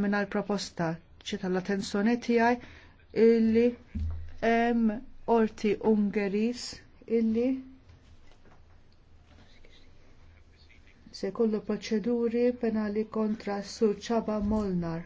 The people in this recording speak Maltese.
minna l-proposta ċita l-attenzjoni tijaj illi em orti Ungeris illi se kollu proċeduri penali kontra Sur Ċaba Molnar.